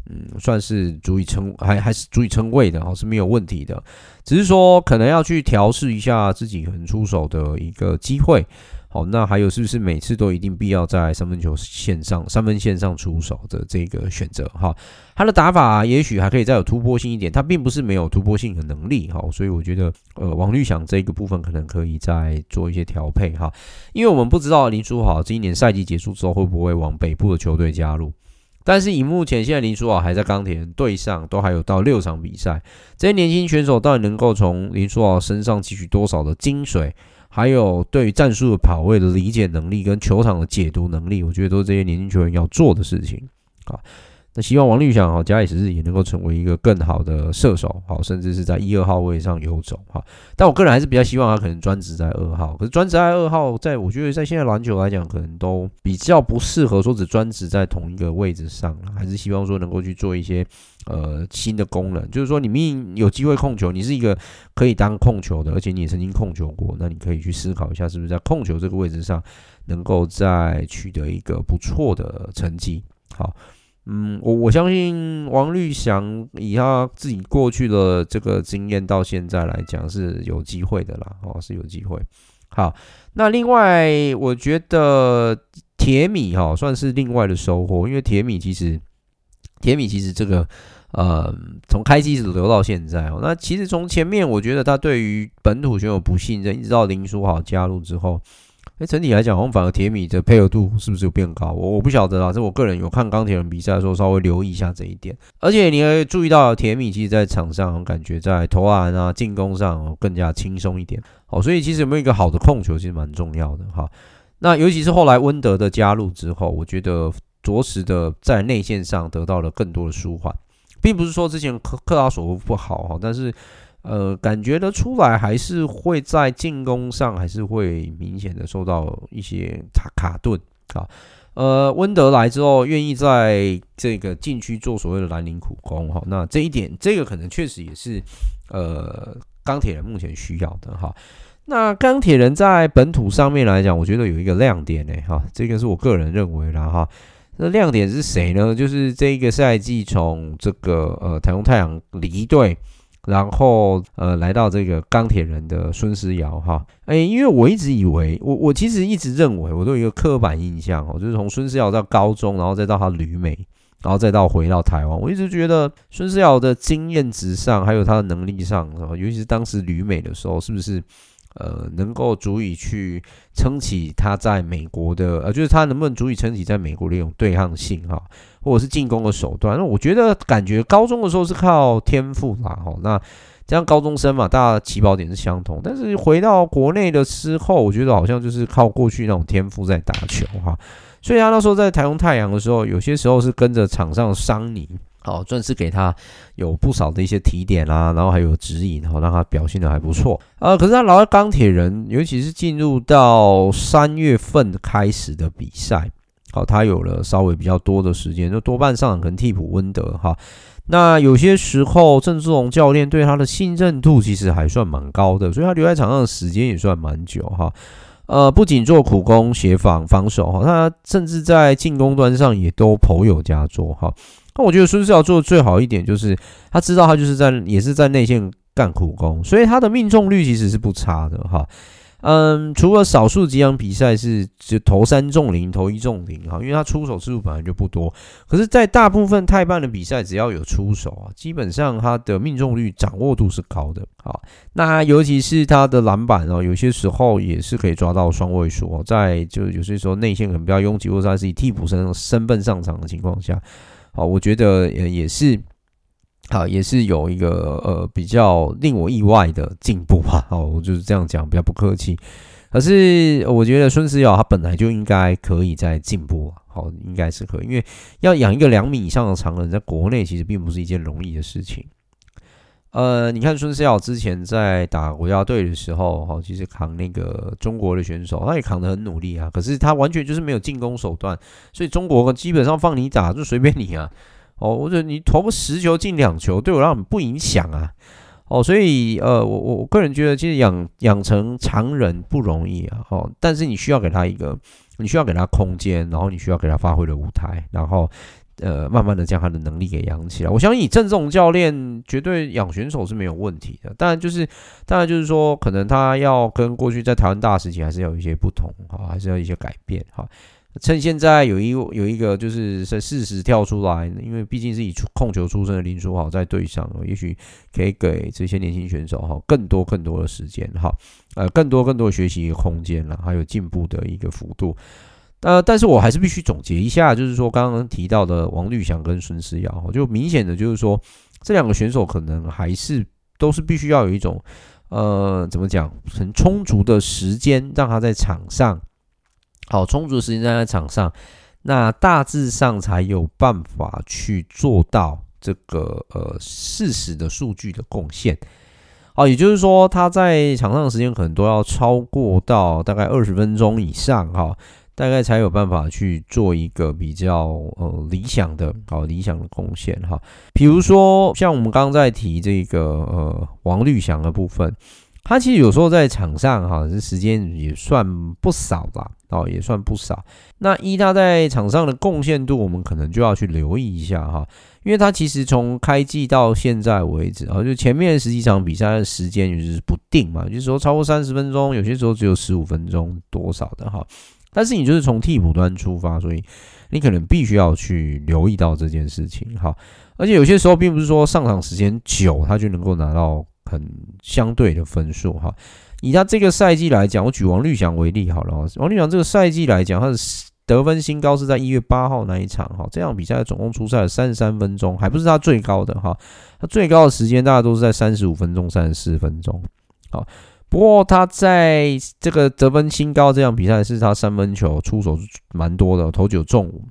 嗯，算是足以稱，還還是足以稱謂的哦，是沒有問題的。只是說可能要去調試一下自己很出手的一個機會。好，那還有是不是每次都一定必要在三分球線上三分線上出手的這個選擇？哈，他的打法也許還可以再有突破性一點，他並不是沒有突破性的能力。哈，所以我覺得，呃，王律翔這個部分可能可以再做一些調配。哈，因為我們不知道林書豪今年賽季結束之後會不會往北部的球隊加入，但是以目前現在林書豪還在鋼鐵人隊上，都還有到六場比賽，這些年輕選手到底能夠從林書豪身上汲取多少的精髓？還有對戰術的跑位的理解能力，跟球場的解讀能力，我覺得都是這些年輕球員要做的事情啊。那希望王律翔哈，假以時日也能夠成為一個更好的射手，好，甚至是在一、二號位上游走哈。但我個人還是比較希望他可能專職在二號。可是專職在二號，在我覺得在現在籃球來講，可能都比較不適合說只專職在同一個位置上，還是希望說能夠去做一些呃新的功能。就是說，你命有機會控球，你是一個可以當控球的，而且你也曾經控球過，那你可以去思考一下，是不是在控球這個位置上，能夠再取得一個不錯的成績？好。嗯，我我相信王律祥以他自己過去的這個經驗，到現在來講是有機會的啦，哦是有機會。好，那另外我覺得鐵米哈、喔、算是另外的收穫，因為鐵米其實鐵米其實這個呃從開機一直留到現在哦、喔，那其實從前面我覺得他對於本土選手不信任，一直到林書豪加入之後。哎，整體來講，我們反而鐵米的配合度是不是有變高？我我不曉得啊，這我個人有看鋼鐵人比賽的時候，稍微留意一下這一點。而且你也注意到，鐵米其實在場上感覺在投籃啊、進攻上更加輕鬆一點。好，所以其實有沒有一個好的控球其實蠻重要的哈。那尤其是後來溫德的加入之後，我覺得着實的在內線上得到了更多的舒緩，並不是說之前克克拉索夫不好哈，但是。呃，感覺得出來還是會在進攻上，還是會明顯的受到一些卡卡頓啊。呃，溫德來之後，願意在這個禁區做所謂的藍領苦工哈。那這一點，這個可能確實也是呃鋼鐵人目前需要的哈。那鋼鐵人在本土上面來講，我覺得有一個亮點呢哈，這個是我個人認為啦哈。那亮點是誰呢？就是這個賽季從這個呃台中太陽離隊。然後，呃，來到這個鋼鐵人的孫思堯哈，哎，因為我一直以為，我我其實一直認為，我都有一個刻板印象，哦、就是從孫思堯到高中，然後再到他旅美，然後再到回到台灣，我一直覺得孫思堯的經驗值上，還有他的能力上，哦、尤其是當時旅美的時候，是不是？呃，能夠足以去撐起他在美國的，呃，就是他能不能足以撐起在美國的一種對抗性哈，或者是進攻的手段。那我覺得感覺高中的時候是靠天賦啦。哈，那這樣高中生嘛，大家起跑點是相同，但是回到國內的之後，我覺得好像就是靠過去那種天賦在打球哈，所以他那時候在台中太陽的時候，有些時候是跟着場上商尼。好，鑽石給他有不少的一些提點啦、啊，然後還有指引，哈，讓他表現得還不錯。呃，可是他老在鋼鐵人，尤其是進入到三月份開始的比賽，好，他有了稍微比較多的時間，就多半上場可能替補溫德，哈。那有些時候鄭志龍教練對他的信任度其實還算蠻高的，所以他留在場上的時間也算蠻久，哈。呃，不僅做苦工，協防防守，哈，他甚至在進攻端上也都頗有佳作，哈。那我覺得孫世要做的最好一點，就是他知道他就是在也是在內線幹苦工，所以他的命中率其實是不差的哈。嗯，除了少數幾場比賽是就投三中零，投一中零哈，因為他出手次數本來就不多。可是，在大部分泰半的比賽，只要有出手啊，基本上他的命中率掌握度是高的。好，那尤其是他的籃板哦，有些時候也是可以抓到雙位數。在就有些時候內線可能比較擁擠，或者是以替補身身份上場的情況下，好，我覺得也是，好、啊、也是有一個呃比較令我意外的進步吧。好，我就是這樣講，比較不客氣。可是我覺得孫思堯他本來就應該可以再進步，好，應該是可以，因為要養一個兩米以上的長人，在國內其實並不是一件容易的事情。呃，你看孫思堯之前在打國家隊的時候，哈，其實扛那個中國的選手，他也扛得很努力啊。可是他完全就是沒有進攻手段，所以中國基本上放你打就隨便你啊。哦，我覺得你投個十球進兩球，對我來講不影響啊。哦，所以呃，我我個人覺得，其實養養成長人不容易啊。哦，但是你需要給他一個，你需要給他空間，然後你需要給他發揮的舞台，然後。呃，慢慢的將他的能力給養起來。我相信以鄭這種教練，絕對養選手是沒有問題的。當然就是，當然就是說，可能他要跟過去在台灣大時期還是要有一些不同哈，還是要一些改變哈。趁現在有一有一個就是事實跳出來，因為畢竟是以控球出身的林書豪在隊上，也許可以給這些年輕選手哈更多更多的時間哈，呃更多更多的學習空間了，還有進步的一個幅度。呃，但是我還是必須總結一下，就是說剛剛提到的王律翔跟孫思堯，就明顯的就是說這兩個選手可能還是都是必須要有一種，呃，怎麼講，很充足的時間讓他在場上，好，充足的時間站在場上，那大致上才有辦法去做到這個呃事實的數據的貢獻，好，也就是說他在場上的時間可能都要超過到大概二十分鐘以上，哈。大概才有辦法去做一個比較呃理想的，好，理想的貢獻哈。比如說像我們剛剛在提這個呃王綠祥的部分，他其實有時候在場上哈，這時間也算不少吧，哦，也算不少。那一他在場上的貢獻度，我們可能就要去留意一下哈，因為他其實從開季到現在為止啊，就前面十幾場比賽的時間也是不定嘛，有些時候超過三十分鐘，有些時候只有十五分鐘多少的哈。但是你就是從替補端出發，所以你可能必須要去留意到這件事情。好，而且有些時候並不是說上場時間久，他就能夠拿到很相對的分數。哈，以他這個賽季來講，我舉王律翔為例好了。王律翔這個賽季來講，他的得分新高是在一月八號那一場。哈，這場比賽總共出賽了三十三分鐘，還不是他最高的哈。他最高的時間，大概都是在三十五分鐘、三十四分鐘。好。不過他在這個得分新高這場比賽，是他三分球出手蠻多的，投九中五，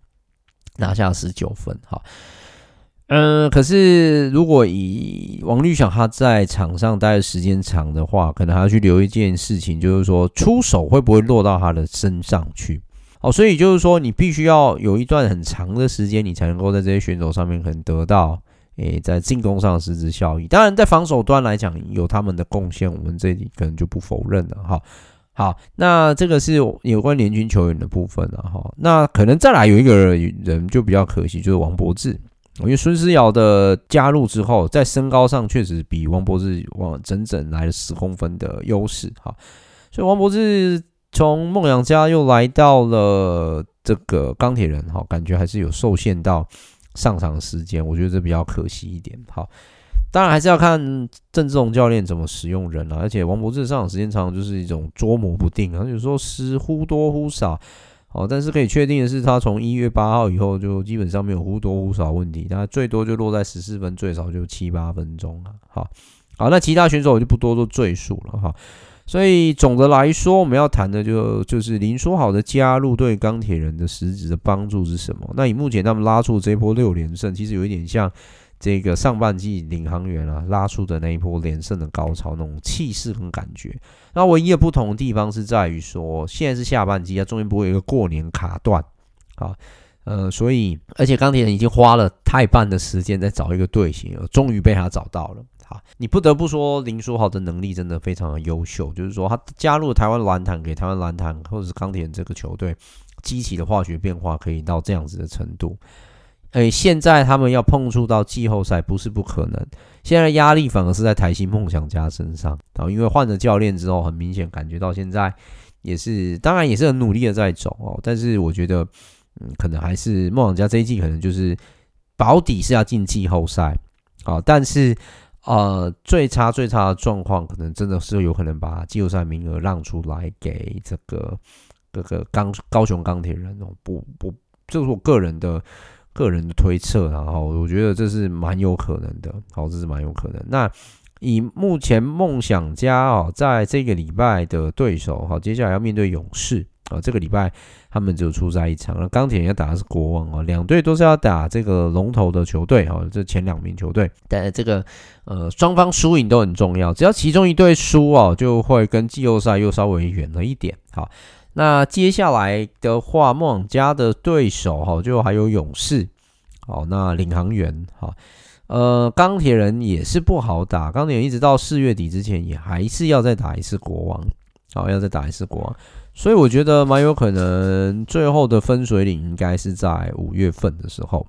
拿下十九分。好，嗯，可是如果以王律想他在場上待的時間長的話，可能還要去留一件事情，就是說出手會不會落到他的身上去？好，所以就是說你必須要有一段很長的時間，你才能夠在這些選手上面可能得到。誒，欸、在進攻上實質效益，當然在防守端來講，有他們的貢獻，我們這裡可能就不否認了哈。好，好，那這個是有關聯軍球員的部分了哈。那可能再來有一個人就比較可惜，就是王柏智。因為孫思堯的加入之後，在身高上確實比王柏智往整整來了十公分的優勢哈。所以王柏智從夢想家又來到了這個鋼鐵人哈，感覺還是有受限到。上場的時間，我覺得這比較可惜一點。好，當然還是要看鄭志龍教練怎麼使用人了啊。而且王柏智上場時間長，就是一種捉摸不定啊，有時候是忽多忽少。哦，但是可以確定的是，他從一月八號以後就基本上沒有忽多忽少問題，他最多就落在十四分，最少就七八分鐘了啊。好，好，那其他選手我就不多做贅述了哈。所以總的來說，我們要談的就是、就是林書豪的加入對鋼鐵人的實質的幫助是什麼？那以目前他們拉出這波六連勝，其實有一點像這個上半季領航員啊拉出的那一波連勝的高潮那種氣勢跟感覺。那唯一的不同的地方是在於說，現在是下半季啊，中間不會有一個過年卡斷，啊，呃，所以而且鋼鐵人已經花了太半的時間在找一個隊形了，終於被他找到了。你不得不說林書豪的能力真的非常的優秀，就是說他加入了台灣籃壇，給台灣籃壇或者是鋼鐵人這個球隊激起的化學變化可以到這樣子的程度。哎，現在他們要碰觸到季後賽不是不可能，現在壓力反而是在台新夢想家身上。然後因為換了教練之後，很明顯感覺到現在也是當然也是很努力的在走哦，但是我覺得嗯，可能還是夢想家這一季可能就是保底是要進季後賽，啊，但是。呃，最差最差的狀況，可能真的是有可能把季後賽名額讓出來給這個這個鋼高雄鋼鐵人哦，不不，這，就是我個人的個人的推測，然後我覺得這是蠻有可能的，好，這是蠻有可能。那以目前夢想家哦，在這個禮拜的對手，好，接下來要面對勇士。啊，這個禮拜他們就出賽一場，那鋼鐵人要打的是國王啊、哦，兩隊都是要打這個龍頭的球隊哈、哦，這前兩名球隊。但是這個呃，雙方輸贏都很重要，只要其中一隊輸哦，就會跟季後賽又稍微遠了一點。好，那接下來的話，夢想家的對手哈、哦、就還有勇士，好，那領航員哈，呃，鋼鐵人也是不好打，鋼鐵人一直到四月底之前也還是要再打一次國王，好，要再打一次國王。所以我覺得蠻有可能，最後的分水嶺應該是在五月份的時候。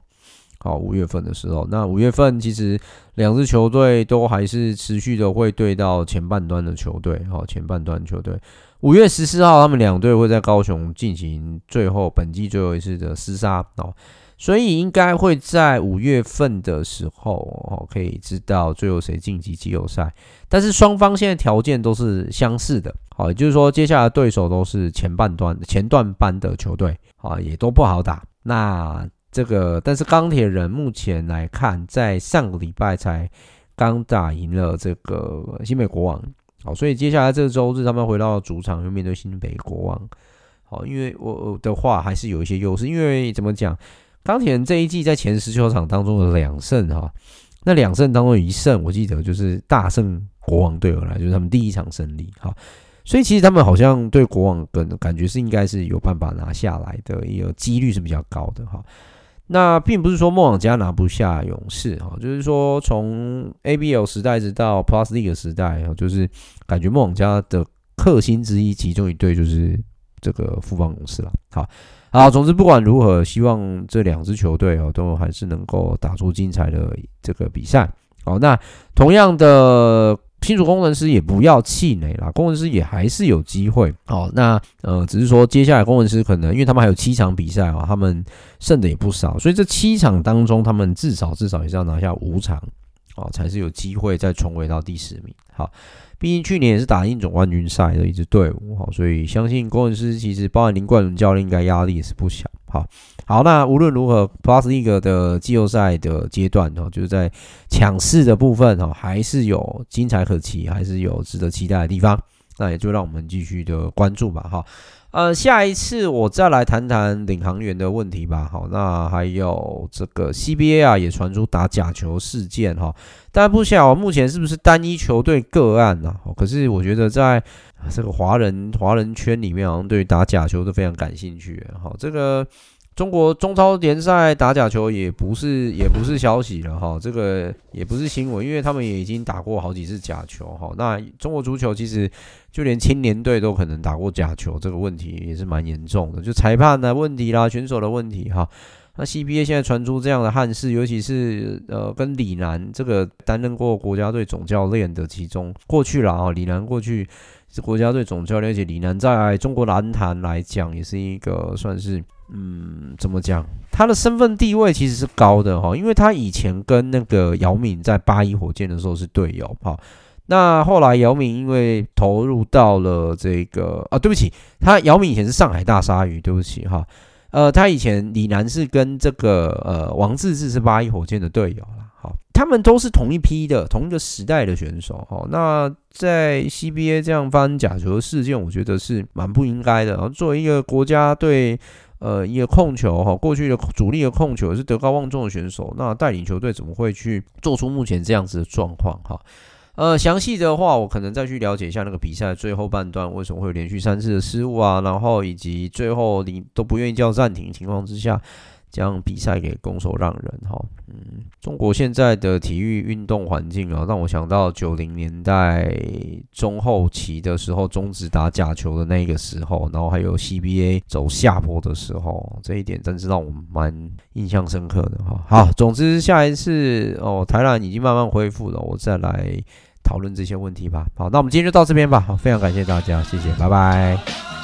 好，五月份的時候，那五月份其實兩支球隊都還是持續的會對到前半端的球隊。好，前半端球隊，五月十四號他們兩隊會在高雄進行最後本季最後一次的廝殺。哦，所以應該會在五月份的時候，哦，可以知道最後誰晉級季後賽。但是雙方現在條件都是相似的。好，也就是說，接下來對手都是前半段前段班的球隊啊，也都不好打。那這個，但是鋼鐵人目前來看，在上個禮拜才剛打贏了這個新北國王。好，所以接下來這個周日，他們回到主場又面對新北國王。好，因為我的話還是有一些優勢，因為怎麼講，鋼鐵人這一季在前十球場當中的兩勝哈，那兩勝當中有一勝，我記得就是大勝國王隊而來，就是他們第一場勝利。哈。所以其實他們好像對國王的感覺是應該是有辦法拿下來的，也有幾率是比較高的哈。那並不是說夢想家拿不下勇士哈，就是說從 ABL 時代直到 Plus League 時代，就是感覺夢想家的克星之一，其中一隊就是這個富邦勇士了。好，好，總之不管如何，希望這兩支球隊哦，都還是能夠打出精彩的這個比賽。好，那同樣的。新竹攻城獅也不要氣餒啦，攻城獅也還是有機會哦。那呃，只是說接下來攻城獅可能，因為他們還有七場比賽啊，喔，他們勝的也不少，所以這七場當中，他們至少至少也是要拿下五場哦，才是有機會再重回到第十名。好，畢竟去年也是打進總冠軍賽的一支隊伍，好，所以相信攻城獅其實，包含林冠綸教練，應該壓力也是不小。好，好，那無論如何，Plus League 的季後賽的階段哦，就是在搶四的部分哦，還是有精彩可期，還是有值得期待的地方，那也就讓我們繼續的關注吧，哈。呃，下一次我再來談談領航員的問題吧。好，那還有這個 CBA 啊，也傳出打假球事件哈。但不曉得目前是不是單一球隊個案呢？啊？可是我覺得在這個華人華人圈裡面，好像對打假球都非常感興趣。哈，這個中國中超聯賽打假球也不是也不是消息了哈，這個也不是新聞，因為他們也已經打過好幾次假球哈。那中國足球其實。就連青年隊都可能打過假球，這個問題也是蠻嚴重的。就裁判的問題啦，選手的問題哈。那 CBA 現在傳出這樣的憾事，尤其是呃，跟李楠這個擔任過國家隊總教練的其中，過去了啊、哦，李楠過去是國家隊總教練，而且李楠在中國籃壇來講也是一個算是嗯，怎麼講？他的身份地位其實是高的哈，因為他以前跟那個姚明在八一火箭的時候是隊友哈。那後來姚明因為投入到了這個啊，對不起，他姚明以前是上海大鯊魚，對不起哈。呃，他以前李楠是跟這個呃王治郅是八一火箭的隊友啦。哈，他們都是同一批的同一個時代的選手哈。那在 CBA 這樣發生假球事件，我覺得是蠻不應該的。然後作為一個國家隊，呃，一個控球哈，過去的主力的控球是德高望重的選手，那帶領球隊怎麼會去做出目前這樣子的狀況哈？呃，詳細的話，我可能再去了解一下那個比賽最後半段為什麼會有連續三次的失誤啊，然後以及最後你都不願意叫暫停情況之下，將比賽給拱手讓人哈，嗯，中國現在的體育運動環境啊，哦，讓我想到九零年代中後期的時候中止打假球的那個時候，然後還有 CBA 走下坡的時候，這一點真是讓我蠻印象深刻的哈。好，總之下一次哦，台籃已經慢慢恢復了，我再來討論這些問題吧。好，那我們今天就到這邊吧，好，非常感謝大家，謝謝，拜拜。